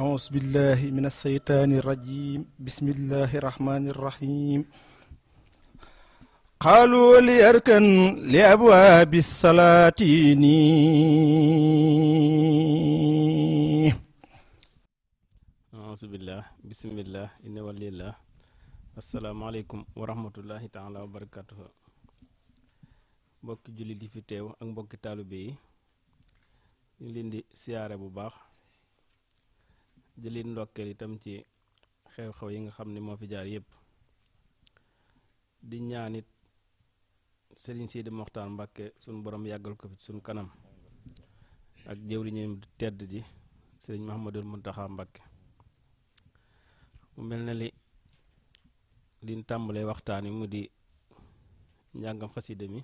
أعوذ بالله من الشيطان الرجيم بسم الله الرحمن الرحيم قالوا ليركن لأبواب السلاطين أعوذ بالله بسم الله إن ولي الله السلام عليكم ورحمة الله تعالى وبركاته mbokki julli di fi teew ak mbokki taalibe yi ñu leen di siyaare bu baax di leen ndokkeel itam ci xew-xew yi nga xam ne moo fi jaar yépp di ñaanit sëriñ Sidi Moxtaar Mbàkke suñ borom yàggal ko fi suñ kanam ak jëwriñam tedd ji sëriñ Mahamadul Muntaxa Mbàkke mu mel na li liñ tàmbalee waxtaan wi mu di njàngam xasida mi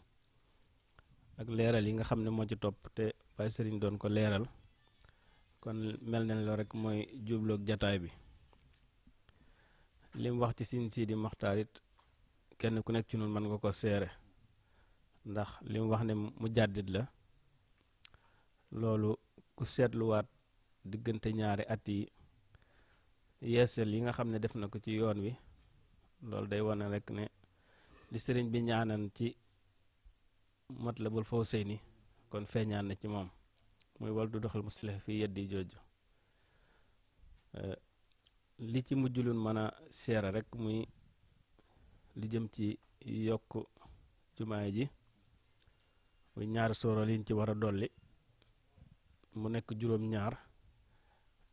ak leeral yi nga xam ne moo ci topp te waaye sëriñ doon ko leeral kon mel nañ loo rek mooy jubloog jataay bi lim wax ci siñ sii di maxtaar it kenn ku nekk ci noonu mën nga ko seere ndax lim wax ne mu jàddit la loolu ku seetluwaat diggante ñaari at yi yeesal yi nga xam ne def na ko ci yoon wi loolu day wane rekk ne li sëriñ bi ñaanan ci mat Matlabul Fawzayni kon feeñaan na ci moom mooy wal du doxal muslih fi yeddi jooju eh, li ci mujj lu mën a seera rek muy li jëm ci yokk jumaa ji muy ñaari sooro liñ ci war a dolli mu nekk juróom-ñaar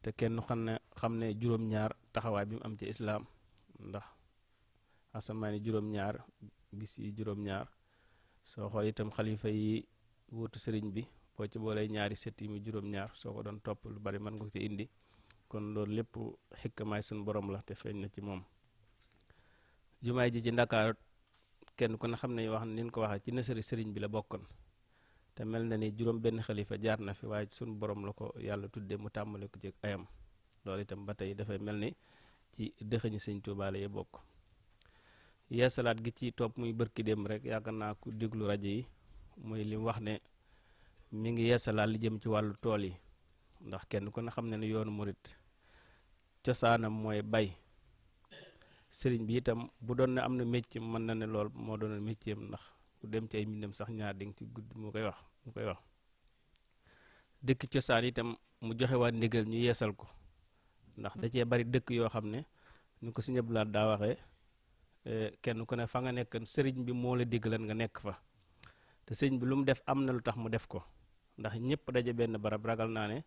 te kenn xam ne xam ne juróom-ñaar taxawaay bi mu am ci islaam ndax asamaani juróom-ñaar bis yi juróom-ñaar soo xool itam xalifa yi wutu sëriñ bi boo ci boolee ñaari set yi mu juróom-ñaar soo ko doon topp lu bari man nga ko ci indi kon loolu lépp xikmaay suñu boroom la te feeñ na ci moom. jumaay ji ci ndakaaru kenn ku ne xam ne wax ni ñu ko waxee ci nësëri sëriñ bi la bokkoon te mel na ni juróom benn xalifa jaar na fi waaye suñu boroom la ko yàlla tuddee mu tàmbale ko ci ayam loolu itam ba tey dafay mel ni ci dëxëñi sëñ Tuubaa la bokk. yeesalaat gi ci topp muy bërki dem rek yaakaar naa ku déglu rajo yi muy lim wax ne. mi ngi yeesalaat li jëm ci wàllu tool yi ndax kenn ku ne xam ne ne yoonu murit cosaanam mooy bay sëriñ bi itam bu doon ne am na métier mën na ne lool moo doon métier ndax ku dem ci ay mbindam sax ñaar di nga ci gudd mu koy wax mu koy wax dëkk cosaan itam mu joxe waa ndigal ñu yeesal ko ndax da cee bari dëkk yoo xam ne ñu ko Sëñ Abdou Lahad daa waxee eh, kenn ku ne fa nga nekk sëriñ bi moo la digg lan nga nekk fa te sëriñ bi lu mu def am na lu tax mu def ko ndax ñëpp daje benn barab ragal naa ne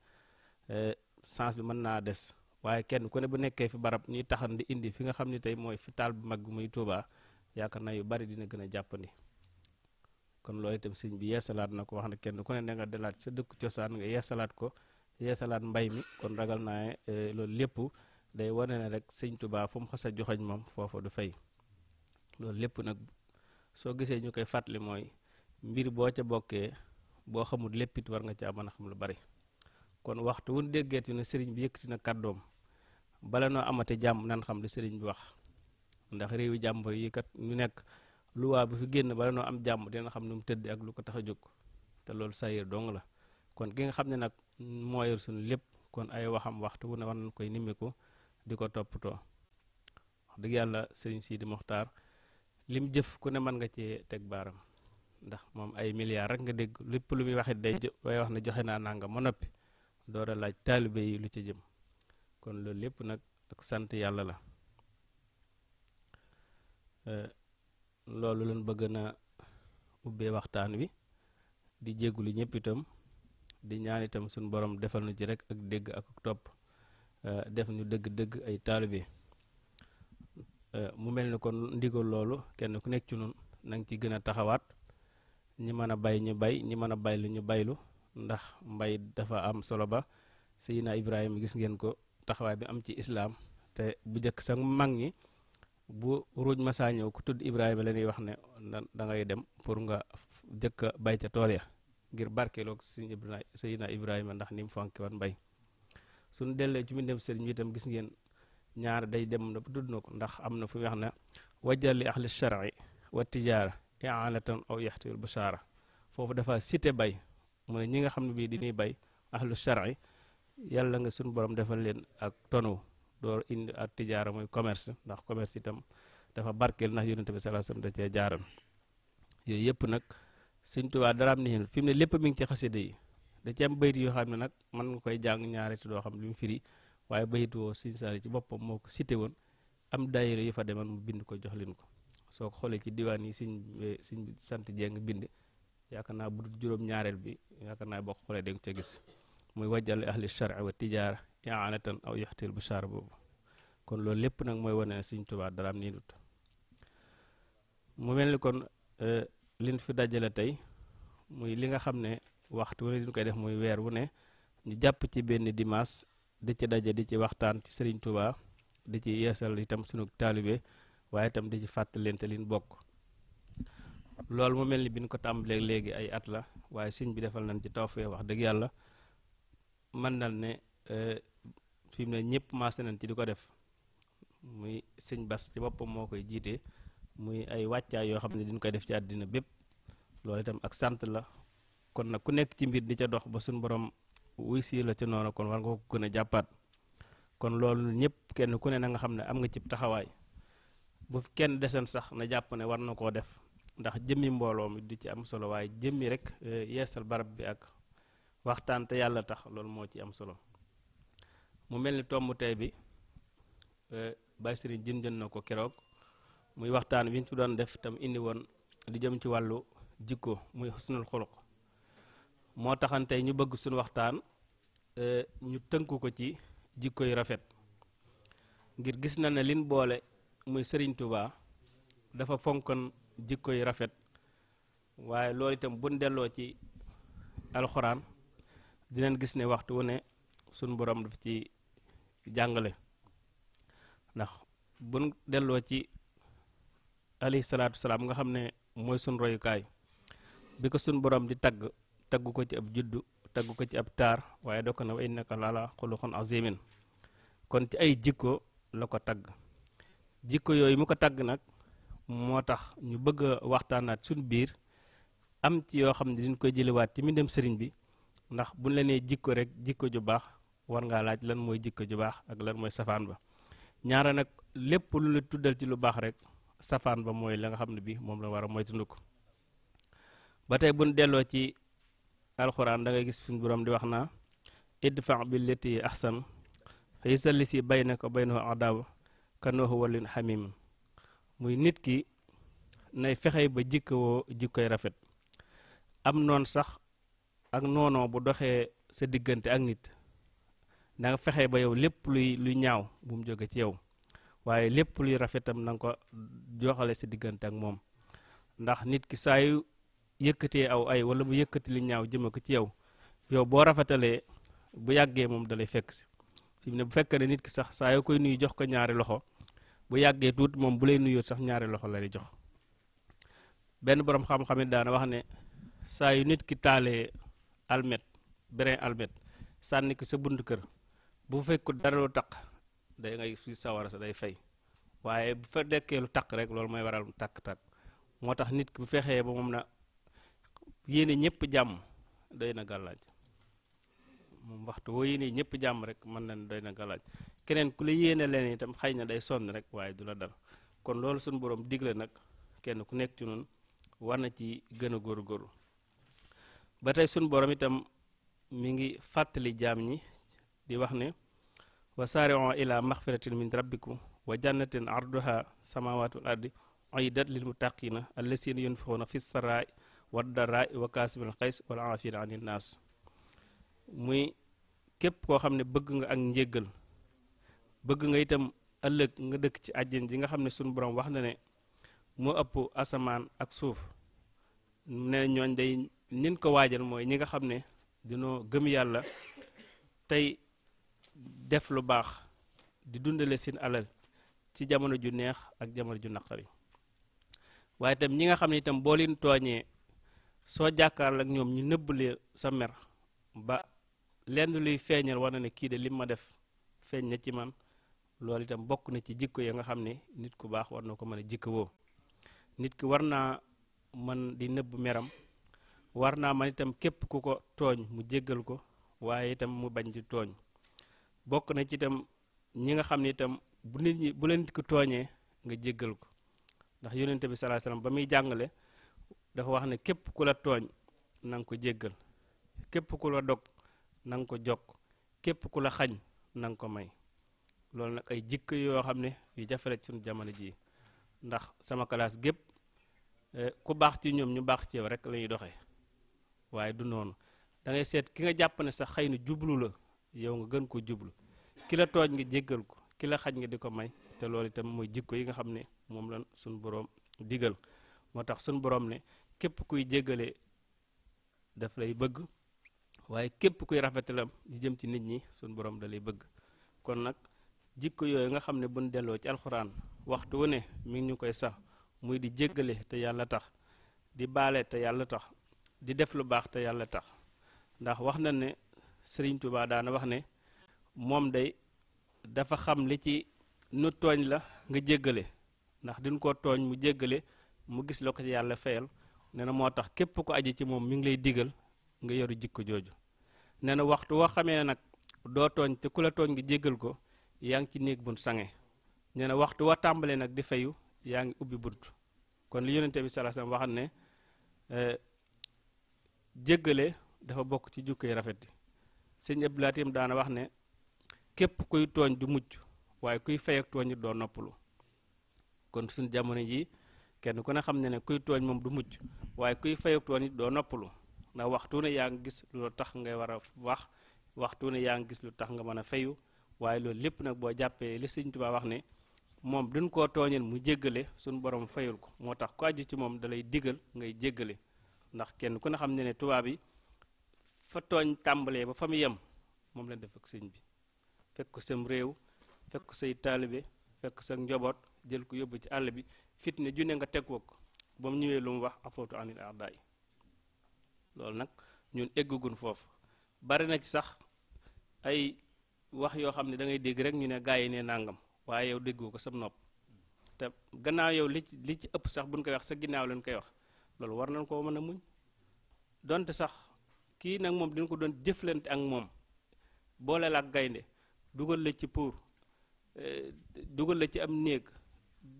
sens eh, bi mën naa des waaye kenn ku ne bu nekkee fi barab ñuy taxan di indi fi nga xam ni tey mooy fi taal bu mag bi muy Tuubaa yaakaar naa yu bari dina gën a jàppandi kon loolu itam sëñ bi yeesalaat na ko wax na kenn ku ne nga delaat sa dëkk cosaan nga yeesalaat ko yeesalaat mbay mi kon ragal naa ne eh, loolu lépp day wane ne rek sëñ Tuubaa fu mu xas a joxoñ moom foofa du fay loolu lépp nag soo gisee ñu koy fàttali mooy mbir boo ca bokkee boo xamul lépp it war nga caa mën a xam lu bari kon waxtu wuñ déggeeti na sëriñ bi yëkkati na kàddoom bala noo amate jàmm nan xam li sëriñ bi wax ndax réewi jàmbur yi kat ñu nekk lu waa bu fi génn bala noo am jàmm dina xam nu mu tëdd ak lu ko tax a jóg te loolu sayir dong la kon ki nga xam ne nag moo yor suñu lépp kon ay waxam waxtu wu ne war nañ koy nimiku di ko toppatoo wax dëgg yàlla sëriñ Sidi Moxtaar lim jëf ku ne mën nga cee teg baaram ndax moom ay milliards rek nga dégg lépp lu muy waxit day waaye wax na joxe naa nangam ma noppi door laaj taalibe yi lu ca jëm kon loolu lépp nag ak sant yàlla la loolu lañ bëgg na ubbee waxtaan wi di jéggulu ñëpp itam di ñaan itam suñu borom defal nu ci rek ak dégg ak topp def ñu dëgg-dëgg ay taalibe mu mel ni kon ndigal loolu kenn ku nekk ci nun na nga ci gën a taxawaat ñi mën a bay ñu bay ñi mën a baylu ñu baylu ndax mbay dafa am solo ba Seydina Ibrahima gis ngeen ko taxawaay bi am ci islaam te bu njëkk sa mag ñi bu ruuj ma saa ñëw ku tudd Ibrahima lañuy wax ne da ngay dem pour nga jëkk a bay ca tool ya ngir barkeeloog Seydina Ibrahima ndax ni mu fonki woon mbay suñu dellee ci mbindam sëriñ ñu itam gis ngeen ñaar day dem na tudd na ko ndax am na fu wax na wajjal li ahli shar'i wa tijaara iaalatan aw bu busaara foofu dafa site bay mu ne ñi nga xam ne bii dañuy bay ahlu shar'i yàlla nga suñu borom defal leen ak tonu door indi ak tijaara mooy commerce ndax commerce itam dafa barkeel ndax yonente bi sallallahu alayhi wasallam da cee jaaram yooyu yëpp nag Sëñ Tuubaa daraam ni fi mu ne lépp mi ngi ci xasida yi da ci am bayit yoo xam ne nag mën nga koy jàng ñaari te doo xam li mu firi waaye bayit woo Sëñ Saaliw ci boppam moo ko cité woon am daayira yi fa demal mu bind ko jox leen ko soo ko xoolee ci diwaan yi siñ siñ sant jeng bind yaakaar naa bu dul juróom-ñaareel bi yaakaar naa boo ko xoolee danga ca gis muy wajjal ahli shari wa tijaara iaanatan aw yaxtil bushar boobu kon loolu lépp nag mooy wane ne Sëriñ Tuubaa daraam nii dut mu mel ni kon e, liñ fi dajale tey muy li nga xam ne waxtu wu diñ koy def muy weer wu ne ñu jàpp ci benn dimanche di ci daje di ci waxtaan ci Sëriñ Tuubaa di ci yeesal itam sunu taalibe waaye itam di ci fàttalente liñ bokk loolu mu mel ni bi ñu ko tàmbalee léegi ay at la waaye sëñ bi defal nañ ci tawfeex wax dëgg yàlla mën nal ne eh, fi mu ne ñëpp maase nañ ci di ko def muy sëñ bas ci boppam moo koy jiite muy ay wàccaay yoo xam ne diñ koy def ci àddina bépp loolu itam ak sant la kon nag ku nekk ci mbir di ca dox ba suñ borom wuy sii la ci noonu kon war nga ko gën a jàppaat kon loolu ñëpp kenn ku ne na nga xam ne am nga cib taxawaay bu kenn desen sax na jàpp ne war na koo def ndax jëmmi mbooloo mi du ci am solo waaye jëmmi rek e, yeesal barab bi ak waxtaan te yàlla tax loolu moo ci am solo mu mel ni tomb tey bi e, Baye Serigne junjoon na ko keroog muy waxtaan wi ñu fi doon def tam indi woon li jëm ci wàllu jikko muy xusnul xuluq moo taxante ñu bëgg suñu waxtaan e, ñu tënku ko ci jikko yu rafet ngir gis na ne liñ boole muy Serigne Touba dafa fonkoon jikko yu rafet waaye loolu itam buñ delloo ci alxuraan dinañ gis ne waxtu wu ne suñ borom daf ci jàngale ndax buñ delloo ci alayhi salaatu salaam nga xam ne mooy sun reyukaay bi ko suñ borom di tagg taggu ko ci ab juddu taggu ko ci ab taar waaye doo ko ne wa innaka lala xuluxun azimin kon ci ay jikko la ko tagg jikko yooyu mu ko tagg nag moo tax ñu bëgg a waxtaanaat suñ biir am ci yoo xam ne dañ koy jëliwaat ci mbindam sëriñ bi ndax buñ la nee jikko rek jikko ju baax war ngaa laaj lan mooy jikko ju baax ak lan mooy safaan ba ñaara nag lépp lu la tuddal ci lu baax rek safaan ba mooy la nga xam ne bi moom la war a moytandu ko ba tey buñ delloo ci alxuraan da gis fi boroom di wax naa bi idfa' billati ahsan fa yusallisi baynaka wa baynahu adawa kanooxu walin xamim muy nit ki nay fexe ba jikkawoo jikkoy rafet am noon sax ak noonoo bu doxee sa diggante ak nit na nga fexe ba yow lépp luy luy ñaaw bu mu jóge ci yow waaye lépp luy rafetam nanga ko joxale sa diggante ak moom ndax nit ki saa yu yëkkatee aw ay wala mu yëkkati li ñaaw jëme ko ci yow yow boo rafetalee bu yàggee moom dalay fekk si fi mu ne bu fekkee ne nit ki sax saa yoo koy nuyu jox ko ñaari loxo bu yàggee tuut moom bu lay nuyoo sax ñaari loxo la lay jox benn borom xam-xam it daana wax ne saa yu nit ki taalee almet brin almet sànni ki sa bunt kër bu fekku dara lu taq day ngay fi sawara sa day fay waaye bu fa dekkee lu taq rek loolu mooy waral mu tàkk takk moo tax nit ki bu feexee ba moom na yéene ñëpp jàmm day na gàllaaj moom waxtu woo yéene ñëpp jàmm rek mën na doy na galaaj keneen ku la yéene leen itam xay na day sonn rek waaye du la dal kon loolu suñ boroom digle nag kenn ku nekk ci noonu war na ci gën a góorgóorlu ba tey suñu borom itam mi ngi fàttali jaam ñi di wax ne wa saari'u ila maxfiratin min rabbikum wa jannatin arduha samawatu l ardi uiddat lil muttaqina allazina yunfiquna fi sarai wa darai wa kaasimin xays wal aafina anin naas muy képp koo xam ne bëgg nga ak njégal bëgg nga itam ëllëg nga dëkk ci àjjan ji nga xam ne sunu borom wax na ne moo ëpp asamaan ak suuf ne ñooñ day nin ko waajal mooy ñi nga xam ne dinoo gëm yàlla tey def lu baax di dundale seen alal ci jamono ju neex ak jamono ju naqari waaye itam ñi nga xam ne itam boo leen tooñee soo jàkkaar ak ñoom ñu nëbbale sa mer ba lenn luy feeñal war na ne kii de lim ma def feeñ na ci man loolu itam bokk na ci jikko ya nga xam ne nit ku baax war na ko mën a jikko woo nit ki war naa man di nëbb meram war naa man itam képp ku ko tooñ mu jéggal ko waaye itam mu bañ di tooñ bokk na ci itam ñi nga xam ne itam bu nit ñi bu la nit tooñee nga jéggal ko ndax yonent bi sallallahu ba muy jàngale dafa wax ne képp ku la tooñ nanga ko jéggal képp ku la dog na nga ko jokk képp ku la xañ nanga ko may loolu nag ay jikko yoo xam ne yu jafe la ci jamono jii ndax sama classe gépp eh, ku baax ci ñoom ñu baax ci yow rek lañuy ñuy doxee waaye du noonu da seet ki nga jàpp ne sa xëy na jublu la yow nga gën ko jublu ki la tooñ nga jéggal ko ki xaj nga di ko may te loolu itam mooy jikko yi nga xam ne moom lan suñu boroom digal moo tax suñu boroom ne képp kuy jéggale daf lay bëgg waaye képp kuy rafetalam di jëm ci nit ñi sun borom da lay bëgg kon nag jikko yooyu nga xam ne buñ delloo ci alxuraan waxtu wu ne mi ngi ñu koy sax muy di jéggale te yàlla tax di baale te yàlla tax di def lu baax te yàlla tax ndax wax na ne Sëriñ Tuubaa daana wax ne moom day dafa xam li ci nu tooñ la nga jéggale ndax diñ ko tooñ mu jéggale mu gis la ko ci yàlla fayal nee na moo tax képp ko aji ci moom mi ngi lay diggal nga yoru jikk jooju nee na waxtu woo xamee nag doo tooñ te ku la tooñ nga jéggal ko yaa ngi ci néeg buñ sange nee na waxtu wa tàmbalee nag di fayu yaa ngi ubbi bunt kon li yonente bi sallallahu alayhi wasallam waxan ne eh, jéggale dafa bokk ci jukkoy rafet yi sëñ Abdou Lahat im daana wax ne képp kuy tooñ du mucc waaye kuy fay tooñ doo noppalu kon suñ jamono ji kenn ku ne xam ne ne kuy tooñ moom du mucc waaye kuy fay tooñ doo noppalu ndax waxtu ne yaa nga gis lu tax ngay war a wax waxtu ne yaa ngi gis lu tax nga mën a fayu waaye loolu lépp nag boo jàppee li sëñ Tuubaa wax ne moom duñ koo tooñal mu jéggale sun borom fayul ko moo tax ku àjju ci moom dalay diggal ngay jéggale ndax kenn ku ne xam ne ne tubaab yi fa tooñ tàmbalee ba fa mu yem moom lañ def ak sëñ bi fekk ko sam réew fekk ko say taalibe fekk sa njaboot jël ko yóbbu ci àll bi fitne ju ne nga teg ko ba mu ñëwee lu mu wax afootu anil arda yi loolu nag ñun eggagun foofu bari na ci sax ay wax yoo xam ne da ngay dégg rek ñu ne gaa yi ne nàngam waaye yow déggoo ko sam nopp te gannaaw yow li ci li ci ëpp sax buñ koy wax sa ginnaaw lañ koy wax loolu war nañ koo mën a muñ donte sax kii nag moom dina ko doon jëflante ak moom booleel ak gaynde dugal la ci pour eh, dugal la ci am néeg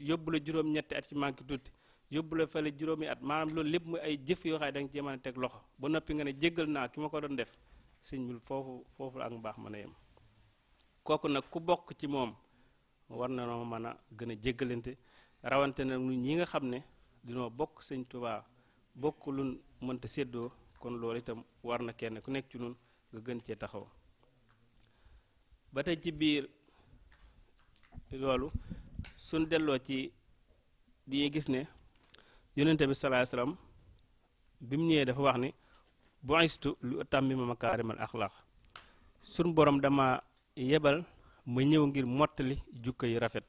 yóbbu la juróom-ñetti at ci manqué tuuti yóbbu la fële juróomi at maanaam loolu lépp mu ay jëf yoo xam ne da nga teg loxo ba noppi nga ne jéggal naa ki ma ko doon def sëñ bi foofu foofu ak mbaax mën a yem kooku nag ku bokk ci moom war na noo mën a gën a jéggalante rawante ñi nga xam ne dinoo bokk sëñ Tuubaa bokk lu mënta séddoo kon loolu itam war na kenn ku nekk ci nun nga gën cee taxaw ba tey ci biir loolu suñ delloo ci di gis ne yonente bi salaay salaam bi mu ñëwee dafa wax ni bu istu lu utammima makaarimal axlaq sun borom dama yebal ma ñëw ngir mottali jukko yu rafet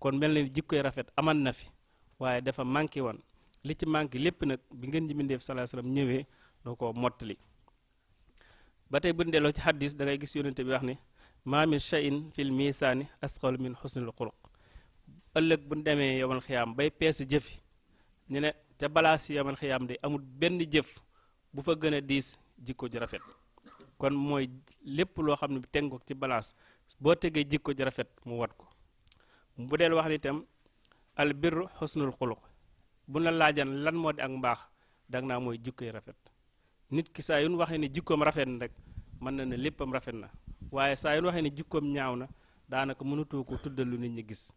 kon mel ni jukko yu rafet amal na fi waaye dafa manqué wan li ci manqué lépp nag bi ngeen ji mbindeef salaay ñëwee doo ko mottali ba tey bu ñu delloo ci xaddis dangay gis yonente bi wax ni maa min shay'in fil misaani asqal min xusnil xuluq ëllëg bu ñu demee yowmal bay peese jëfi ñu ne te balaa si yamal xiyaam de amul benn jëf bu fa gën a diis jikko ji rafet kon mooy lépp loo xam ne teg ko ci balaas boo tegee jikko ji rafet mu wat ko bu deel wax ni itam al birru xusnul xuluq bu la laajan lan moo di ak mbaax dag naa mooy jikkoy rafet nit ki saa yu nu waxee ne jikkoom rafet na rek mën na ne léppam rafet na waaye saa yu nu waxee ne jikkoom ñaaw na daanaka mënatu ko tuddal lu nit ñi gis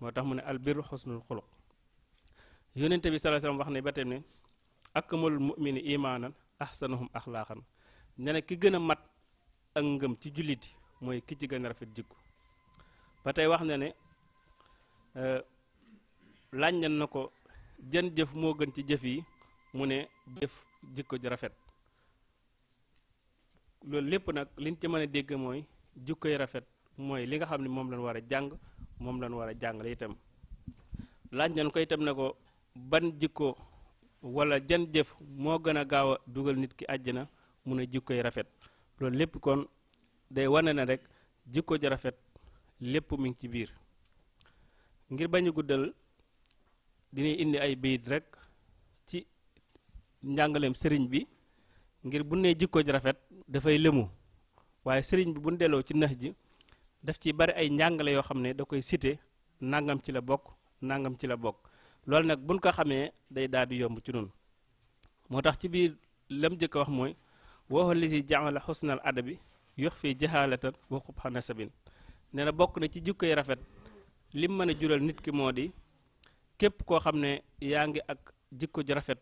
moo tax mu ne al birru xusnul xuluq yónnente bi sallallahu alayhi wasallam wax ne ba tey ne akmalul mu'mini imaanan ahsanuhum axlaaqan ne na ki gën a mat ak ngëm ci jullit mooy ki ci gën a rafet jikko ba tey wax na ne euh, laaj nañ na ko jën jëf moo gën ci jëf yi mu ne jëf jikko ji rafet loolu lépp nag liñ ci mën a dégg mooy jikko yi rafet mooy li nga xam ne moom lañ war a jàng moom lañ war a jàngale itam laaj nañ ko itam ne ko ban jikko wala jan jëf moo gën a gaaw a dugal nit ki àjj na mu ne jikkoy rafet loolu lépp kon day wane na rek jikko ja rafet lépp mu ngi ci biir ngir bañu guddal dinay indi ay bayit rekk ci njàngaleem sëriñ bi ngir bu ne jikko ja rafet dafay lëmu waaye sëriñ bi bu delloo ci nax ji daf ci bari ay njàngale yoo xam ne da koy site nangam ci la bokk nangam ci la bokk loolu nag buñ ko xamee day daal di yomb ci nun moo tax ci biir lam jëkk wax mooy waxu li si jaamala xusnal adabi yox fii jaxaalatan wa xubxa nasabin nee na bokk na ci jikkoy rafet lim mën a jural nit ki moo di képp koo xam ne yaa ngi ak jikko ji rafet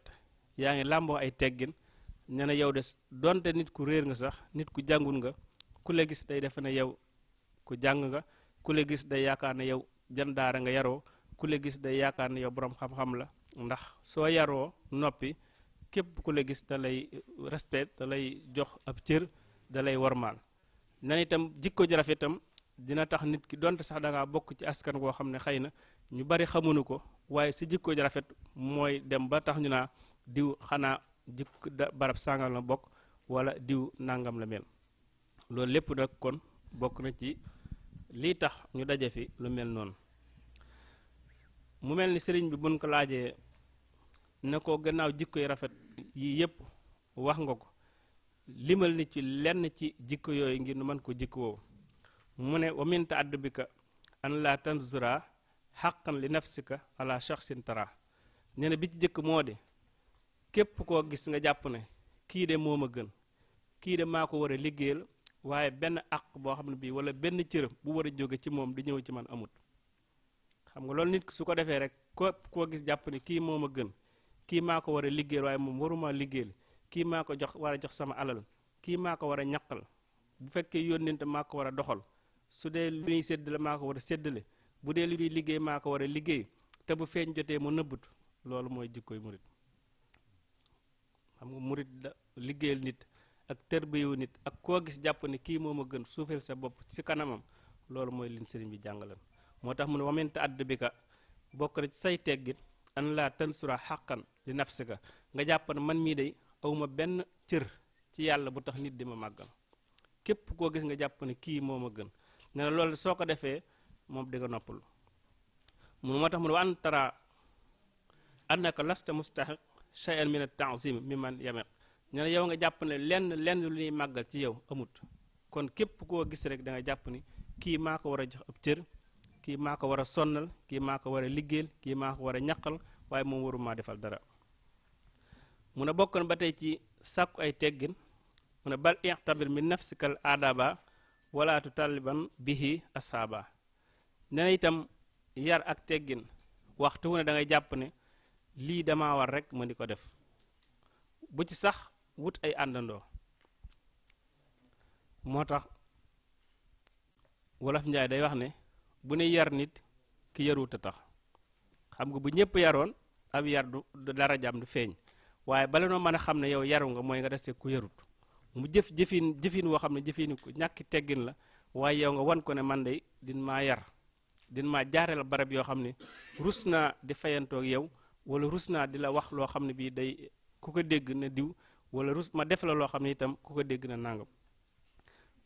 yaa ngi làmboo ay teggin nee na yow des donte nit ku réer nga sax nit ku jàngun nga ku la gis day defe ne yow ku jàng nga ku la gis day yaakaar ne yow jandaara nga yaroo ku la gis day yaakaar ne yow boroom xam-xam la ndax soo yaroo noppi képp ku la gis da lay respect da lay jox ab cër da lay warmaal. nan itam jikko ji rafet dina tax nit ki donte sax da bokk ci askan goo xam ne xëy na ñu bari xamuñu ko waaye si jikko ji rafet mooy dem ba tax ñu naa diw xanaa jikko barab sàngal la bokk wala diw nangam la mel loolu lépp nag kon bokk na ci lii tax ñu daje lu mel noonu. mu mel ni sëriñ bi buñ ko laajee ne ko gannaaw jikko yu rafet yii yëpp wax nga ko limal ni ci lenn ci jikko yooyu ngir nu mën ko jikko woowu mu ne wa min ta'addubika an la tanzura xaqan li nafsika ala shakhsin tara nee bi ci jëkk moo de képp koo gis nga jàpp ne kii de moom a gën kii de maa ko war a liggéeyal waaye benn àq boo xam ne bii wala benn cërëm bu war a jóge ci moom di ñëw ci man amut xam nga loolu nit su ko defee rek ko koo gis jàpp ne kii moom a gën kii maa ko war a liggéey waaye moom waruma liggéeyal kii maa ko jox war a jox sama alal kii maa ko war a ñaqal bu fekkee yónnente maa ko war a doxal su dee lu ñuy séddale maa ko war a séddale bu dee lu ñuy liggéey maa ko war a liggéey te bu feeñ jotee mu nëbbut loolu mooy jikkoy murit xam nga murit da liggéeyal nit ak tërbiyu nit ak koo gis jàpp ne kii moom ma gën suufeel sa bopp ci kanamam loolu mooy liñ sëriñ bi jàngalan moo tax mu ne wamin ta'add bika bokk na ci say teggit an laa tansura xaqan li nafsika nga jàpp ne man mii day awma benn cër ci yàlla bu tax nit di ma màggal képp koo gis nga jàpp ne kii moo ma gën ne na soo ko defee moom di nga noppalu mun moo tax mu ne wa an tara annaka lasta mustahiq shay'an min at-ta'zim mimman yameq ne yow nga jàpp ne lenn lenn lu ñuy ci yow amut kon képp koo gis rek da jàpp ni kii maa ko war a jox ab cër kii maa ko war a sonnal kii maa ko war a liggéeyal kii maa ko war a ñaqal waaye moom waruma defal dara mun a bokkoon ba tey ci sàkku ay teggin mun a bal ixtabir min nafsikal aadaba walaatu taliban bihi asaaba nee na itam yar ak teggin waxtu wu ne da jàpp ne lii dama war rekk ma di ko def bu ci sax wut ay àndandoo moo tax wolof njaay day wax ne bu ne yar nit ki yaruta tax xam nga bu ñëpp yaroon ab yar du dara jam du feeñ waaye bala noo mën a xam ne yow yaru nga mooy nga def see ku yarut mu jëf jëfin jëfin woo xam ne jëfin ku ñàkki teggin la waaye yow nga wan ko ne man de din maa yar din maa jaareel barab yoo xam ne rus naa di fayantoog yow wala rus naa di la wax loo xam ne bii day ku ko dégg na diw wala rus ma def la loo xam ne itam ku ko dégg na nangam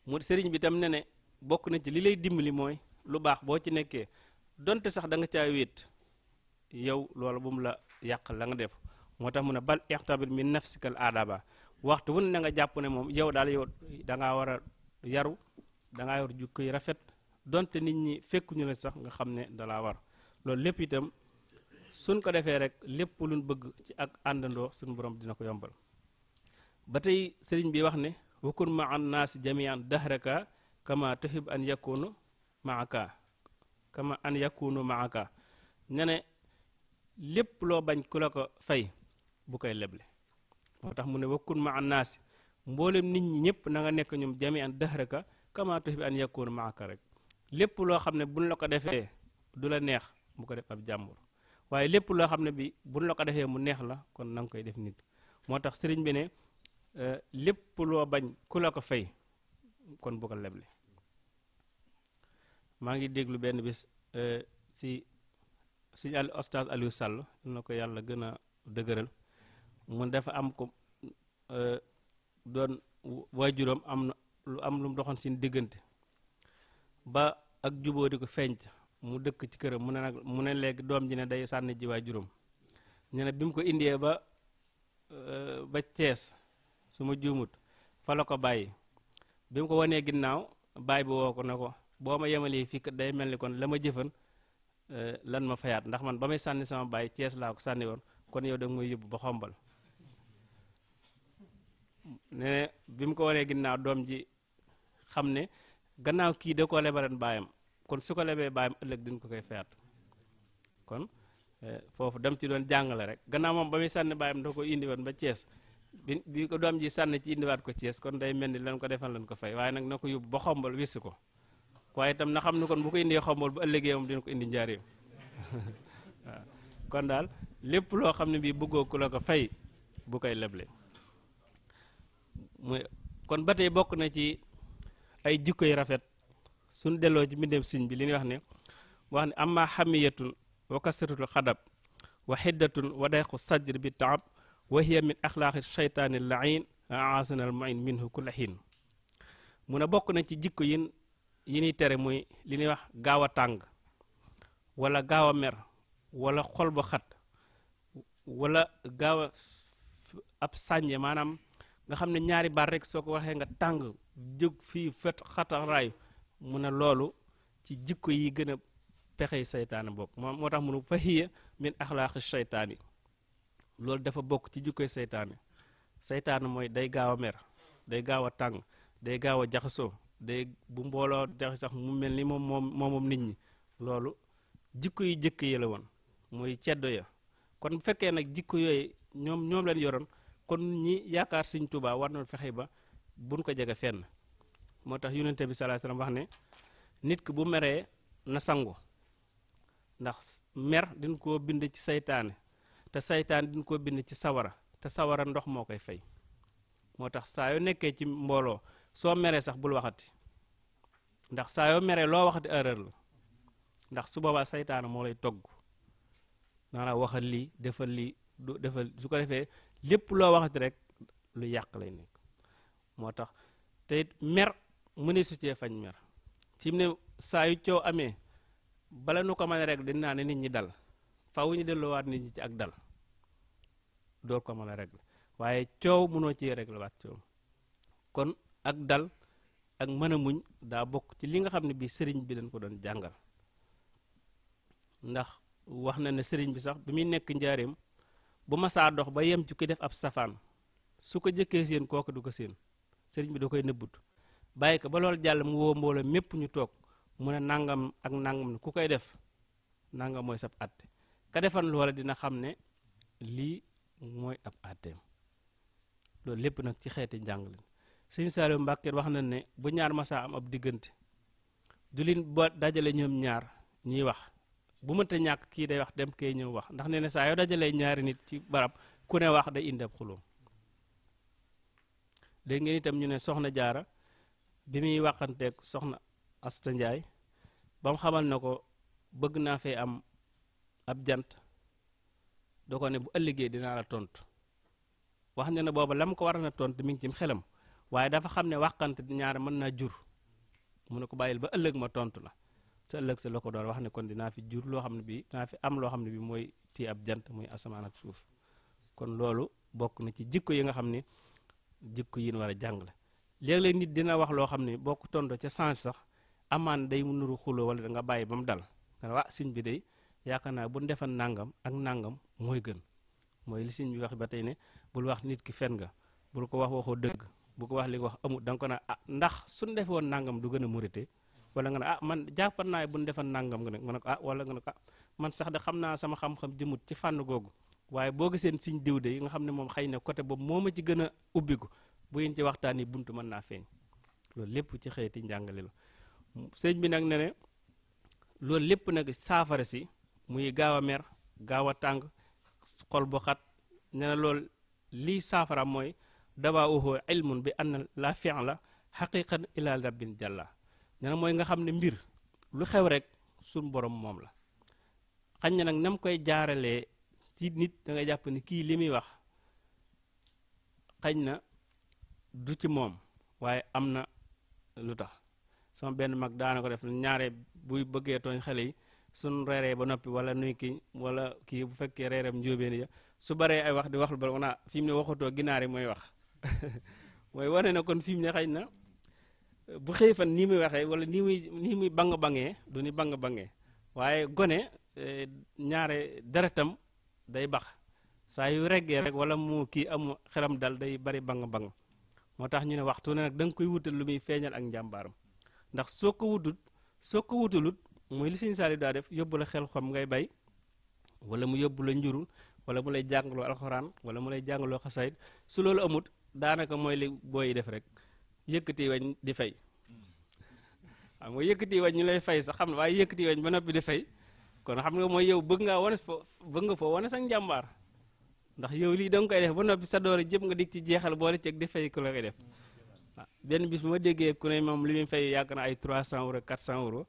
mu sëriñ bi tam ne ne bokk na ci li lay dimbali mooy lu baax boo ci nekkee donte sax danga nga caa wéet yow loolu bu mu la yàq la nga def moo tax mu ne bal ixtabir min nafsikal aadaba waxtu wun na nga jàpp ne moom yow daal yow da war a yaru danga ngaa yor jukko yu rafet donte nit ñi fekkuñu la sax nga xam ne dalaa war loolu lépp itam sun ko defee rek lépp luñ bëgg ci ak àndandoo suñ borom dina ko yombal ba tey sëriñ bi wax ne wakun ma an naasi jamian dahraka kama tuhib an yakunu maaka kama an yakunu maaka ne ne lépp loo bañ ku la ko fay bu koy leble moo tax mu ne wakkun ma annaasi mboolem nit ñi ñëpp na nekk ñoom jami an dahraka kama tuhibbu an yakunu maaka rek lépp loo xam ne buñ la ko defee du la neex bu ko def ab jàmbur waaye lépp loo xam ne bi buñ la ko defee mu neex la kon nanga koy def nit moo tax sëriñ bi ne euh, lépp loo bañ ku la ko fay kon bu ko leble maa ngi déglu benn bis euh, si si al oustaz Aliou Sall na ko yàlla gën a dëgëral mu dafa am ko euh, doon waajuram am na lu am lu mu doxoon seen diggante ba ak jubóo di ko feeñc mu dëkk ci këram mu ne nag mu ne lekk doom ji ne day sànni ji juróom ñu ne bi mu ko indee ba euh, ba Cees su ma juumut fa la ko bàyyi bi mu ko wanee ginnaaw baay bi woo ko na ko boo ma yemalee fii kat day mel ni kon la ma jëfan euh, lan ma fayaat ndax man ba may sànni sama baay Cees laa ko sànni woon kon yow da mooy may yóbbu ba xombal ne bi mu ko waree ginnaaw doom ji xam ne gannaaw kii da koo lebaloon baayam kon su ko lebee baayam ëllëg din ko koy fayaat kon euh, foofu dam ci doon jàngale rek gannaaw moom ba muy sànni baayam da ko indiwoon ba Cees bi bi ko doom ji sànni ci indiwaat ko Cees kon day mel ni lan ko defal lan ko fay waaye nag na ko yóbbu ba xombal wis ko waaye tam na xam ne kon bu ko indee xombol bu ëllëgee moom dina ko indi njaareem waaw kon daal lépp loo xam ne bii bëggoo ku la ko fay bu koy leble muy kon ba tey bokk na ci ay jikko yu rafet suñ delloo ci mbindeem siñ bi li ñuy wax ne wax ne amma xamiyatun wa kasratul xadab wa xiddatun wa dayqu sajr bi taab wa hiya min axlaaqi cheytaani lain aasana al muin minhu kulla xiin mu ne bokk na ci jikko yin yi ñuy tere muy li ñuy wax gaaw a tàng wala gaaw a mer wala xol bu xat wala gaaw a ab sànje maanaam nga xam ne ñaari baat rekk soo ko waxee nga tàng jóg fii fet xataraayu mun ne loolu ci jikko yi gën a pexey seytaane bokk moom moo tax munu fahiya min axlaaqi seytaane loolu dafa bokk ci jikkoy seytaane seytaane mooy day gaaw a mer day gaaw a tàng day gaaw a jaxasoo day bu mbooloo tax sax mu mel ni moom moom moomam nit ñi loolu jikko yi jëkk yi la woon muy ceddo ya kon bu fekkee nag jikko yooyu ñoom ñoom leen yoroon kon ñi yaakaar Sëriñ Tuubaa war na fexe ba buñ ko jege fenn moo tax yonente bi sallallahu alayhi wax ne nit ki bu meree na sangu ndax mer din koo bind ci saytaane te saytaane din koo bind ci sawara te sawara ndox moo koy fay moo tax saa yu nekkee ci mbooloo soo meree sax bul waxati ndax saa yoo meree loo waxati erreur la ndax su boobaa saytaana moo lay togg naanaa waxal lii defal lii du defal su ko defee lépp loo waxati rek lu yàq lay nekk moo tax te mer mu su cee fañ mer fi mu ne saa yu coow amee bale nu ko mën rek dinaa ne nit ñi dal faaw ñu delluwaat nit ñi ci ak dal door ko mën a régler waaye coow mënoo ci régler waat coow kon ak dal ak mën a muñ daa bokk ci li nga xam ne bii sëriñ bi dañ ko doon jàngal ndax wax na ne sëriñ bi sax bi muy nekk njaareem bu masaa dox ba yem ci ki def ab safaan su ko jëkkee seen kooku du ko séen sëriñ bi doo koy nëbbut bàyyi ko ba loolu jàll mu woo mbooloo mépp ñu toog mu a nangam ak nangam ne ku koy def nangam mooy sab àtte ka defan loola dina xam ne lii mooy ab àtteem loolu lépp nag ci xeeti njàng lañ sëñ Saliou Mbacke wax na ne bu ñaar masaa am ab diggante du leen dajale ñoom ñaar ñuy wax bu mënta ñàkk kii day wax dem kay ñëw wax ndax ne na saa yoo dajalee ñaari nit ci barab ku ne wax day indi ab xulóom dégg ngeen itam ñu ne soxna jaara bi muy waxanteeg soxna Asta Njaay ba xamal na ko bëgg naa fee am ab jant doo ko ne bu ëllëgee dinaa la tontu wax ne na booba lam ko waral na tontu mi ngi ci xelam waaye dafa xam ne waxante ñaar mën naa jur mu ne ko bàyyil ba ëllëg ma tontu la sa ëllëg sa la ko doon wax ne kon dinaa fi jur loo xam ne bii dinaa fi am loo xam ne bi mooy tii ab jant muy asamaan ak suuf kon loolu bokk na ci jikko yi nga xam ne jikko yi war a jàng la léeg-léeg nit dina wax loo xam ne bokk ko tontu ca sens sax amaan day mu nuru xuloo wala da nga bàyyi ba mu dal nga wax siñ bi day yaakaar naa bu defal nangam ak nangam mooy gën mooy li bi wax ba tey ne bul wax nit ki fen nga bul ko wax waxoo dëgg bu ko wax li nga wax amul da nga ko naan ah ndax suñ defe woon nangam du gën a murite wala nga ne ah man jàppan naa bu ñu defan nàngam nga ne nga ne ko ah wala nga ne ko ah man sax de xam naa sama xam-xam jëmut ci fànn googu waaye boo giseen siñ diw de yi nga xam ne moom xëy na côté boobu moo ma ci gën a ubbiku bu yéen ci waxtaan yi buntu mën naa feeñ loolu lépp ci xëyati njàngale la sëñ bi nag ne loolu lépp nag saafara si muy gaaw a mer gaaw a tàng xol bu xat ne na loolu lii saafara mooy dawaawuhu ilmun bi am anna la fi'la la ila rabbin jalla nee na mooy nga xam ne mbir lu xew rek suñ boroom moom la xañ na nag nam koy jaaralee ci nit dangay jàpp ni kii li muy wax xañ na du ci moom waaye am na lu tax sama benn mag daana ko def ñaare buy bëggee tooñ xale yi suñ reeree ba noppi wala nuy ki wala kii bu fekkee reeram njóobeen ya su baree ay wax di wax lu ba naa fi mu ne waxatoo ginaar yi mooy wax mooy wane na kon fi mu ne xëy na bu xëy fan nii muy waxee wala nii muy nii muy bang bangee du ni bang bangee waaye gone eh, ñaare deretam day bax saa yu reggee rek wala mu kii amu xelam dal day bari bang bang moo tax ñu ne waxtu ne nag da koy wutal lu muy feeñal ak njàmbaaram ndax soo ko wutut soo ko wutalut muy li Sëñ Saaliw daa def yóbbu la xel xom ngay bay wala mu yóbbu la njurul wala mu lay jàngaloo alxuraan wala mu lay jàngaloo xasaayit su daanaka mooy li booy def rek yëkkati weñ di fay xam nga yëkkati weñ ñu lay fay sax xam ne waaye yëkkati weñ ba noppi di fay kon xam nga mooy yow bëgg ngaa wane foo bëgg nga foo wane sa njàmbaar ndax yow lii da nga koy def ba noppi sa doole jëpp nga dig ci jeexal boole ceeg di fay ku la koy def waaw ah, benn bis ma déggee ku ne moom li muy fay yàgg na ay 300 euros 400 euros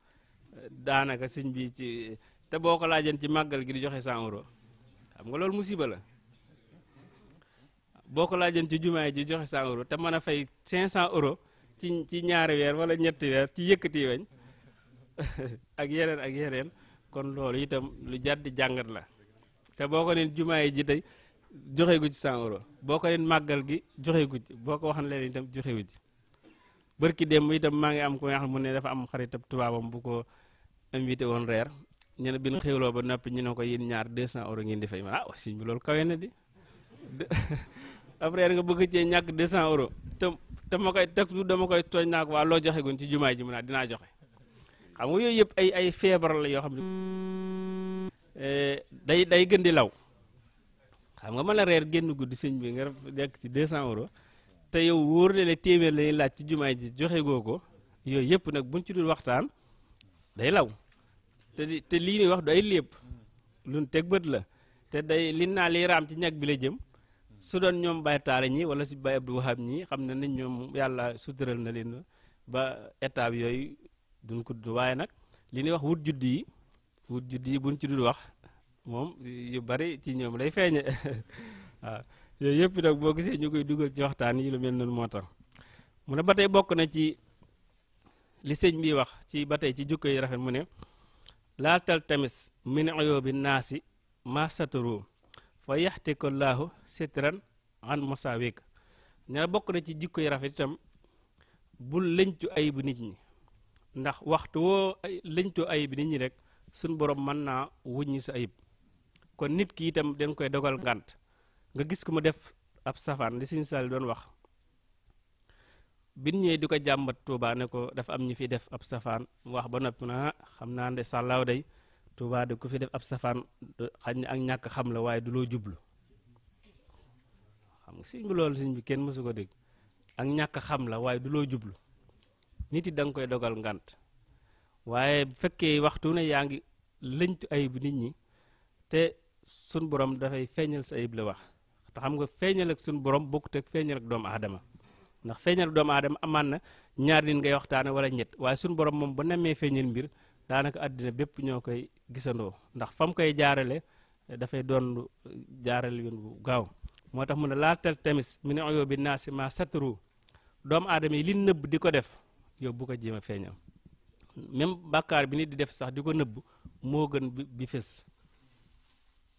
daanaka sëñ bi ci te boo ko laa laajan ci màggal gi di joxe 100 euros xam nga loolu musiba la boo ko laajoon ci jumaa ji joxe 100 euros te mën a fay 500 euros ci ci ñaari weer wala ñetti weer ci yëkkati weñ ak yeneen ak yeneen kon loolu itam lu jàddi jàngat la te boo ko neen jumaa ji tey joxe gu ci 100 boo ko neen màggal gi joxe gu boo ko waxan leen itam joxe gu ci bërki démb itam maa ngi am ko nga xam mu ne dafa am xaritab tubaabam bu ko invité woon reer ñene ne bi ñu xéwloo ba noppi ñu ne ko yéen ñaar 200 euro ngeen di fay ma ah aussi loolu kawe na après nga bëgg cee ñàkk 200 euros te te ma koy teg dama koy tooñ naa ko waa loo joxe gun ci jumaa ji mu a dinaa joxe xam nga yooyu yëpp ay ay feebar la yoo xam ne eh, day day gën di law xam nga mën a reer génn guddi sëñ bi nga nekk ci 200 euros te yow wóor na la téeméer la laaj ci jumaa ji joxe goo ko yooyu yëpp nag buñ ci dul waxtaan day law te te lii ñuy wax du ay lépp luñ teg bët la te day li naa liy raam ci ñag bi la jëm su doon ñoom Baay Taala ñi wala si Baay Abdou Wahab ñi xam na nañ ñoom yàlla sutural na leen ba état bi yooyu dun ko dudd waaye nag li ñuy wax wut judd yi wut judd yi buñ ci dul wax moom yu bari ci ñoom lay feeñe waaw yooyu yëpp nag boo gisee ñu koy dugal ci waxtaan yi lu mel noonu moo tax mu ne ba tey bokk na ci li sëñ bi wax ci ba tey ci jukko yi rafet mu ne laatal tamis min bi naasi ma saturu wa ko laahu sitran an musaawik ña bokk na ci jikko yu rafet itam bul lëñtu ay bu nit ñi ndax waxtu woo lëñtoo ay bi nit ñi rekk suñ boroom mën naa wuññi sa ayib kon nit ki itam dañ koy dogal ngànt nga gis ko mu def ab safaan li Sëñ saali doon wax bin ñëwee di ko jàmbat Tuubaa ko dafa am ñu fi def ab safaan mu wax ba nopp naa ah, xam naa ne sàllaaw day Touba de ku fi def ab safaan xaj na ak ñàkk xam la waaye du jublu xam nga sëñ sëñ bi kenn mësu ko ak ñàkk xam la waaye du loo jublu nit yi da koy dogal ngant waaye bu fekkee waxtu yaa ngi lëñtu ayib nit ñi te sun borom dafay feeñal sa ayib la wax te xam nga feeñal ak sun borom bokkut ak feeñal ak doomu aadama ndax feeñal ak doomu aadama amaan na ñaar nit ngay waxtaane wala ñett waaye sun borom moom bu nemmee feeñal mbir daanaka àddina bépp ñoo koy gisandoo ndax fam koy jaarale eh, dafay doon eh, jaarale yoon bu gaaw moo tax mu ne laatal tamis mu ne oyoo bi naa si ma satru doomu aadama yi lii nëbb di ko def yow bu ko jéem a feeñal même bàkkaar bi nit di def sax di ko nëbb moo gën bi fés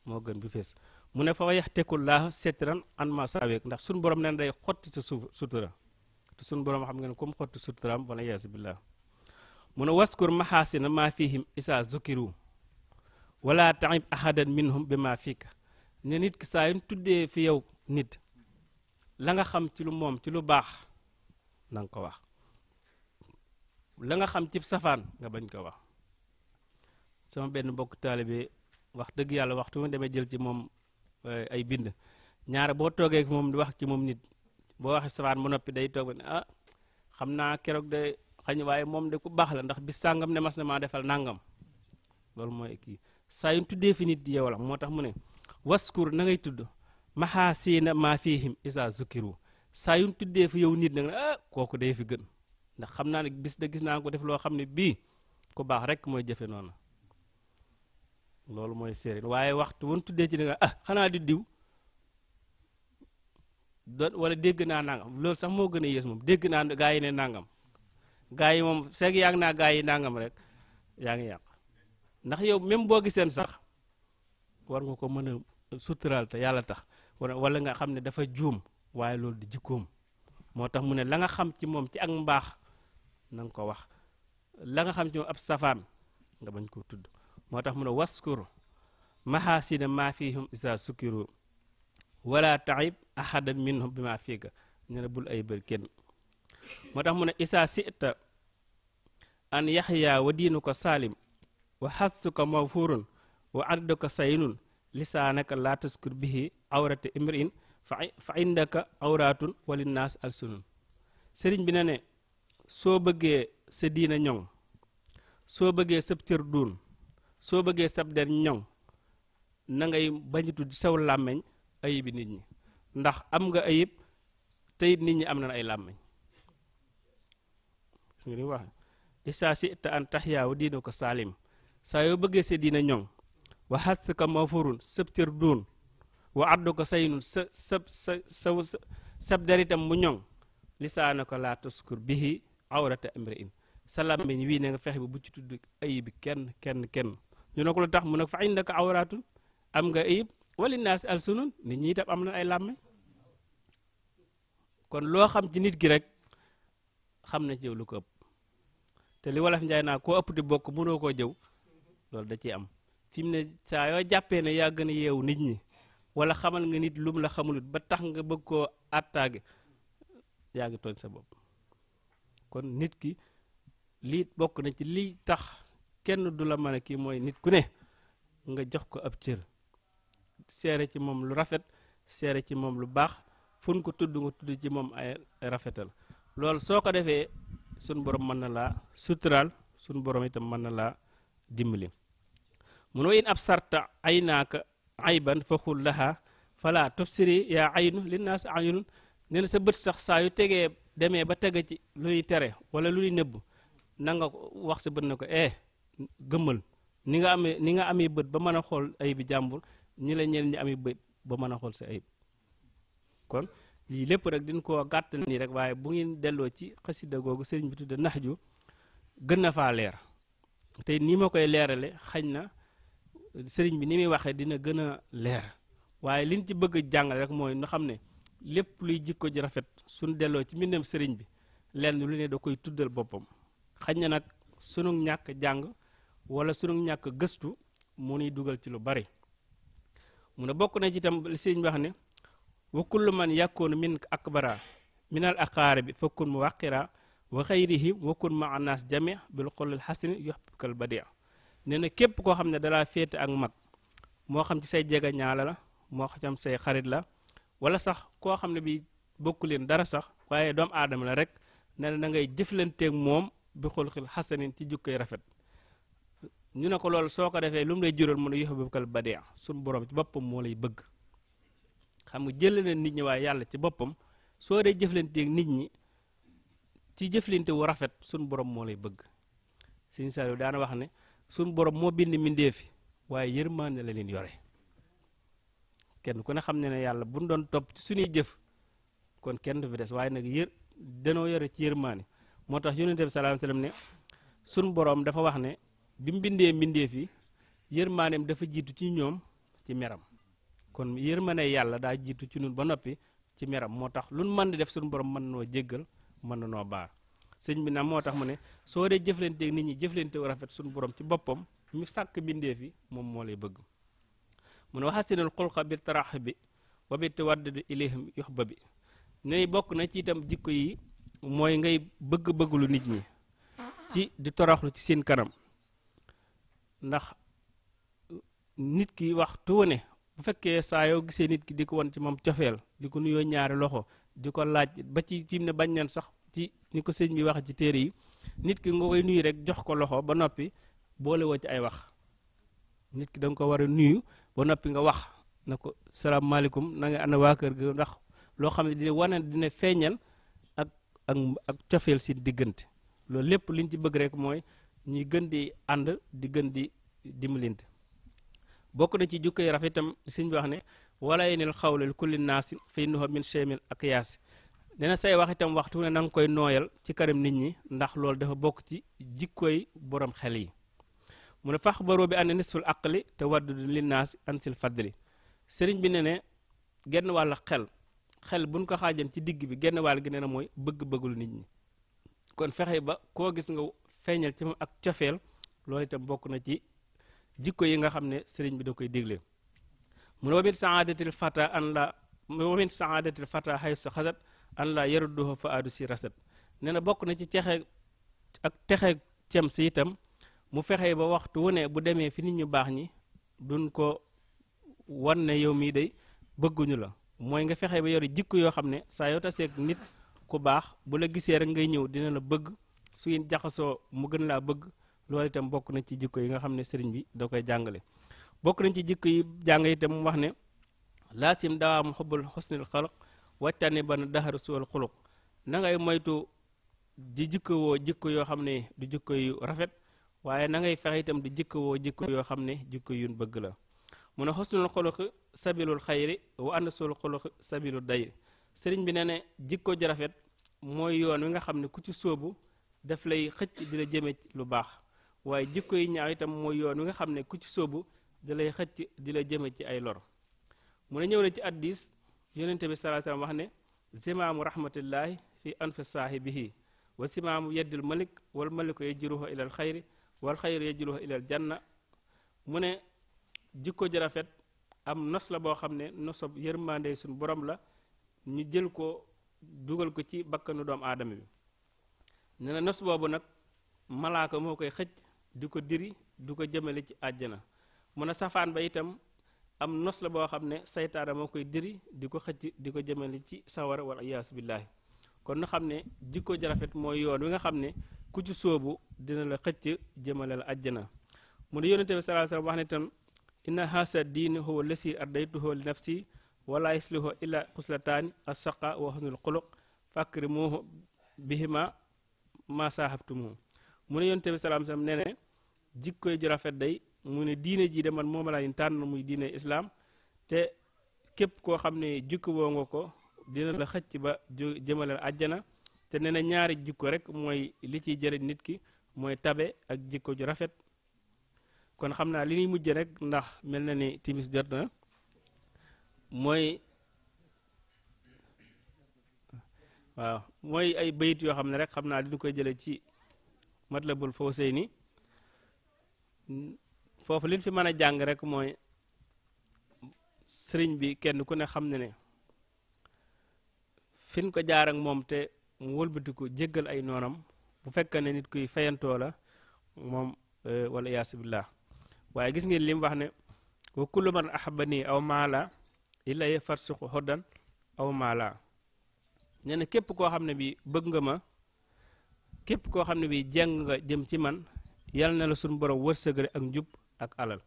moo gën bi fés mu ne fa wa yaxtekul laa settiran an ma saweek ndax suñ borom na day xotti sa suuf sutura te suñ borom xam ngeen comme xotti suturaam wala yaasu billah mu ne waskur maxaasina maa fihim isaa zukiru wala taib ahadan minhum bi maa fiika ne nit ki saa yu tuddee fi yow nit la nga xam ci lu moom ci lu baax nanga ko wax la nga xam ci safaan nga bañ ko wax sama benn mbokk taalibe wax dëgg yàlla waxtu mu demee jël ci moom eh, ay bind ñaare boo toogee moom di wax ci moom nit boo waxee safaan mu noppi day toog ne ah xam naa keroog de xëy na waaye moom de ku baax la ndax bis sàngam ne mas na maa defal nangam loolu mooy kii saa yu tuddee fi nit yow la moo tax mu ne waskur na ngay tudd maxaasina maa fihim isaa zukiru saa yu tuddee fi yow nit nag ah kooku day fi gën ndax xam naa bis da gis naa ko def loo xam ne bii ku baax rek mooy jëfe noonu loolu mooy séeréer waaye waxtu woon tuddee ci ne ah xanaa di diw doon wala dégg naa nangam loolu sax moo gën a yées moom dégg naa gaa yi ne nangam gaa yi moom seeg yàgg naa gaa yi nangam rek yaa ngi yàq ndax yow même boo giseen sax war nga ko mën a suturaal te yàlla tax wala nga xam ne dafa juum waaye loolu di jikkoom moo tax mu ne la nga xam ci moom ci ak mbaax na nga ko wax la nga xam ci moom ab safaan nga bañ koo tudd moo tax mu ne waskur mahasina maa fihum isa sukkiru wala taib ahadan minhum bi maa fiika ñu ne bul ay bër kenn moo tax mu ne isaa sita an yaxya wa diinu ko saalim wa xastu ko mawfurun wa addu ko saynun lisaanaka laa taskur bihi awrata imriin fa indaka awratun walinnaas alsunun sëriñ bi na ne soo bëggee sa diina ñoŋ soo bëggee sab cër duun soo bëggee sab der ñoŋ na ngay bañitu di saw làmmeñ nit ñi ndax am nga ayib te nit ñi am na ay làmmiñ su nga li te an tax yaaw diina ko saalim saa yoo bëggee sa diina ñoŋ wa xas ka mafurun sëb cër duun wa addu ko saynun sa sab sa saw sab daritam mu ñoŋ lisaana ko laa taskur bihi awrata amri in sa làmmiñ wii ne nga fexe bu ci tudd ayib kenn kenn kenn ñu ne ko lu tax mu ne fa indaka awratun am nga ayib wali naas alsunun nit ñi itam am na ay làmmiñ kon loo xam ci nit gi rek xam na ci lu ko ëpp te li wolof njaay naa ko ëpp di bokk mënoo koo jëw loolu da ciy am fi mu ne saa yoo jàppee ne yaa gën a yeewu nit ñi wala xamal nga nit lum la xamulut ba tax nga bëgg koo attaqué yaa ngi tooñ sa bopp kon nit ki lii bokk na ci lii tax kenn du la mën a kii mooy nit ku ne nga jox ko ab cër seere ci moom lu rafet seere ci moom lu baax fun ko tudd nga tudd ci moom ay rafetal loolu soo ko defee sunu borom mën na laa suturaal sunu borom itam mën na laa dimbali mun wa in ab sarta ay naaka ayban fa xul laha fala tubsiri yaa aynu linnaas ayunun nee na sa bët sax saa yu tegee demee ba tege ci luy tere wala luy nëbb na nga wax sa bët na ko eh gëmmal ni nga amee ni nga amee bët ba mën a xool ay bi jàmbur ñi la ñeen ñi amee bët ba mën a xool sa ayib kon lii lépp rek din koo gàttal nii rek waaye bu ngeen delloo ci xasida googu sëriñ bi tudde nax ju gën na faa leer te ni ma koy leerale xañ na sëriñ bi ni muy waxee dina gën a leer waaye liñ ci bëgg jàngale rek mooy nu xam ne lépp luy jikko ji rafet suñ delloo ci mbindam sëriñ bi lenn lu ne da koy tuddal boppam xañ na nag sunu ñàkk jàng wala sunu ñàkk gëstu mu nuy dugal ci lu bari mu ne bokk na ci itam li sëriñ bi wax ne wa kullu man yakunu min akbara minal aqaaribi fa kun mu waqira wa xayrihim wa kun ma annaas jami bil xulul xasini yoxbikal badia nee na képp koo xam ne dalaa féete ak mag moo xam ci say jega ñaala la moo xam say xarit la wala sax koo xam ne bi bokku leen dara sax waaye doomu aadama la rek nee na da ngay jëflanteeg moom bi xulxil xasanin ci jukkoy rafet ñu ne ko loolu soo ko defee lu mu lay jural mën a yoxbikal badia suñu borom ci boppam moo lay bëgg xam nga jëlee leen nit ñi waaye yàlla ci boppam soo dee jëflanteeg nit ñi ci jëflante wu rafet sun borom moo lay bëgg sëñ Saliou daana wax ne sun borom moo bind mindee fi waaye yërmaande la leen yore kenn ku ne xam ne ne yàlla bu doon topp ci jëf kon kenn du fi des waaye nag yër danoo yore ci yërmaande moo tax yonente bi sallallahu alayhi wasallam ne sun borom dafa wax ne bi mu bindee mbindee fi yërmaaneem dafa jiitu ci ñoom ci meram kon yërmande yàlla daa jiitu ci nun ba noppi ci meram moo tax lu mën di def suñu borom mën noo jéggal mën na noo baar sëñ bi nag moo tax mu ne soo dee jëflanteeg nit ñi jëflante wu rafet suñu borom ci boppam mi sàkk bindee fi moom moo lay bëgg mu ne waxasinul xulqa bi tarax bi wa bi tawaddudi ilayhim yox ba bi ne bokk na ci itam jikko yi mooy ngay bëgg-bëgglu nit ñi ci di toroxlu ci seen kanam ndax nit ki wax tuune bu fekkee saa yoo gisee nit ki di ko wan ci moom cofeel di ko nuyoo ñaari loxo di ko laaj ba ci tiim ne bañ nan sax ci ni ko seen bi wax ci téere yi nit ki nga koy nuyu rek jox ko loxo ba noppi boole woo ci ay wax nit ki da nga ko war a nuyu ba noppi nga wax na ko salaamaaleykum na nga ànd waa kër gi ndax loo xam ne dina wane dina feeñal ak ak ak cofeel si diggante loolu lépp liñ ci bëgg rek mooy ñuy gën di ànd di gën di dimbalante bokk na ci jukkoy rafetam sëñ bi wax ne wala yenil xawlal kulli naasi fi nuha min cheymil ak yaasi nee say wax itam waxtu ne na koy nooyal ci kanam nit ñi ndax loolu dafa bokk ci jikkooy boroom xel yi mu ne fax baroo bi ànd nisful aqli te waddu li naasi ansil li sëriñ bi ne ne genn wàll xel xel buñ ko xaajan ci digg bi genn wàll gi nee na mooy bëgg-bëggul nit ñi kon fexe ba koo gis nga feeñal ci moom ak cofeel loolu itam bokk na ci jikko yi nga xam ne sëriñ bi da koy digle mu ne wamin saadatil fata an la wamin saadatil fata xay xasat an la yarudduhu fa aadu si rasat nee na bokk na ci cexe ak texe cem si mu fexe ba waxtu wu bu demee fi nit ñu baax ñi duñ ko wan ne yow mii day bëgguñu la mooy nga fexe ba yore jikko yoo xam ne saa yoo taseeg nit ku baax bu la gisee rek ngay ñëw dina la bëgg su jaxasoo mu gën laa bëgg lool itam bokk nañ ci jikko yi nga xam ne sëriñ bi da koy jàngale bokk nañ ci jikko yi jàng itam mu wax ne laasim dawaam xubbul xusnil xalq wàccaane bana daxaru suwal xuluq na ngay moytu di jikko woo yoo xam ne du jikko rafet waaye na ngay fexe itam di jikko woo jikko yoo xam ne jikko yu bëgg la mu ne xusnul xuluq sabilul xayri wa ànd suwal xuluq sabilul dayri sëriñ bi nee ne jikko ji rafet mooy yoon wi nga xam ne ku ci soobu daf lay xëcc di la jëme lu baax waaye jikko yi ñaaw itam mooy yoon wi nga xam ne ku ci sóobu da lay xëcc di la jëme ci ay loro mu ne ñëw na ci addis yonente bi sallallahu alayhi wax ne zimaamu rahmatillahi fi bi saahibihi wa simaamu yeddil malik wal maliku yajruhu ilal xayri wal xayru yajruhu ilal janna mu ne jikko ji rafet am nos la boo xam ne nosob yërmande suñu borom la ñu jël ko dugal ko ci bakkanu doomu aadama bi nee na nos boobu nag malaaka moo koy xëcc di ko diri du ko jëmale ci àjjana mun a safaan ba itam am nos la boo xam ne saytaara moo koy dëri di ko xëcc di ko jëmale ci sawara wal iyaasu billaahi kon nu xam ne jikko jarafet mooy yoon wi nga xam ne ku ci soobu dina la xëcc jëmale la àjjana mu ne yonente bi sallallahu alayhi wasallam wax ne itam inna haasa diini huwa lasi ardaytuhu li nafsi wala islihu illa xuslataani asaqa wa xusnul xuluq fakrimuhu bihima ma sahabtumu mu ne yonte bi salaam sam ne jikko ju rafet day mu ne diine jii de man moom laa ñu tànn muy diine islaam te képp koo xam ne jikko boo nga ko dina la xëcc ba jëmale àjjana te nee na ñaari jikko rek mooy li ciy jëriñ nit ki mooy tabe ak jikko ju rafet kon xam naa li ñuy mujj rek ndax mel na ni timis jot na mooy waaw mooy ay bayit yoo xam ne rek xam naa diñu koy jële ci la Matlabul ni foofu liñ fi mën a jàng rekk mooy sëriñ bi kenn ku ne xam ne ne fin ko jaar moom te mu wëlbatiku jéggal ay noonam bu fekkee ne nit kuy fayantoo la moom euh, wala iyaasu waaye gis ngeen li wax ne wa kullu man ahabani aw maala ilay farsuqu hoddan aw maala nee képp koo xam ne bii bëgg nga ma képp koo xam ne bi jàng nga jëm ci man yal na la suñu borom wërsëgale ak njub ak alal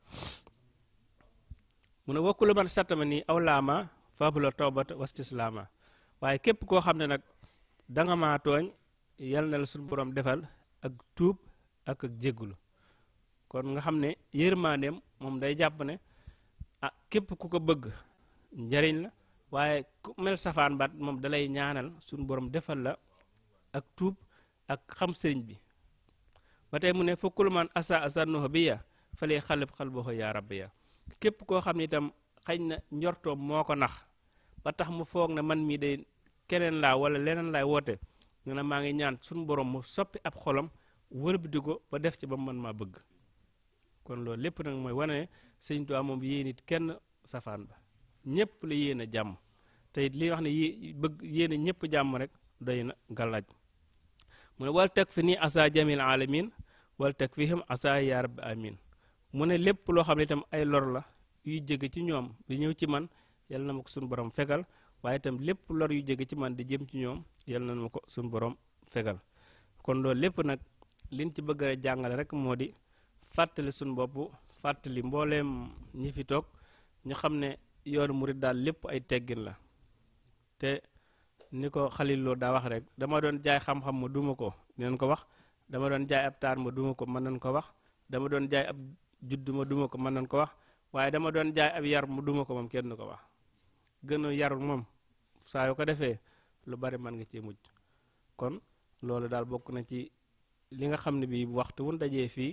mu ne wakku lu man sattama nii aw laama faabu la tawbata laama waaye képp koo xam ne nag danga maa tooñ yal na la suñu borom defal ak tuub ak kon nga xam ne yërmandeem moom day jàpp ne ah képp ku ko bëgg njariñ la waaye ku moom dalay ñaanal suñu borom defal la ak tuub ak xam sëñ bi ba tey mu ne fukkul man asa asannoho bi ya falee xalab xal boxo yaa rabbi ya képp koo xam ni itam xañ na njortoom moo ko nax ba tax mu foog na man mii day keneen laa wala leneen laay woote nga ne maa ngi ñaan suñu boroom mu soppi ab xolam wëlbati ko ba def ci ba mu man maa bëgg kon loolu lépp nag mooy wane ne sëñ Tuubaa moom yéen it kenn safaan ba ñëpp la yéen a jàmm te li wax ne yi bëgg yéen a ñëpp jàmm rek doy na gàllaaj mu ne wal teg fi nii asa jamil alamin wal teg fihim asa yaa rabbi amin mu ne lépp loo xam ne itam ay lor la yuy jege ci ñoom di ñëw ci man yal na ma ko suñu borom fegal waaye itam lépp lor yu jóge ci man di jëm ci ñoom yàlla na ko suñu borom fegal kon loolu lépp nag liñ ci bëgg a jàngale rek moo di fàttali suñ bopp fàttali mbooleem ñi fi toog ñu xam ne yoonu murid daal lépp ay teggin la te ni ko xalil loo daa wax rek dama doon jaay xam-xam ma duma ko dinañ ko wax dama doon jaay ab taar ma duma ko mën nañ ko wax dama doon jaay ab judd ma duma ko mën nañ ko wax waaye dama doon jaay ab yar ma duma ko moom kenn ko wax gën a yaru moom saa yu ko defee lu bari mën nga cee mujj kon loolu daal bokk na ci li nga xam ne bii waxtu wun dajee fii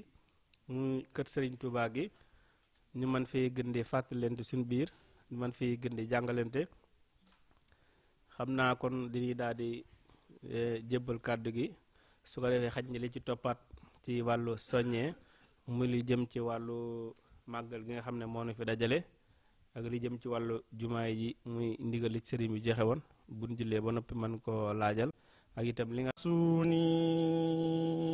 muy kër Serigne Touba gi ñu mën fee gën di fàttalente suñu biir mën fee gën di jàngalante. xam naa kon dañuy daal di eh, jébbal kàddu gi su ko defee xaj na li ci toppaat ci wàllu soññee mu li jëm ci wàllu màggal gi nga xam ne moo nu fi dajale ak li jëm ci wàllu jumaay ji muy ndigal li sëriñ bi joxe woon buñ jullee ba noppi mën koo laajal ak itam li nga suuni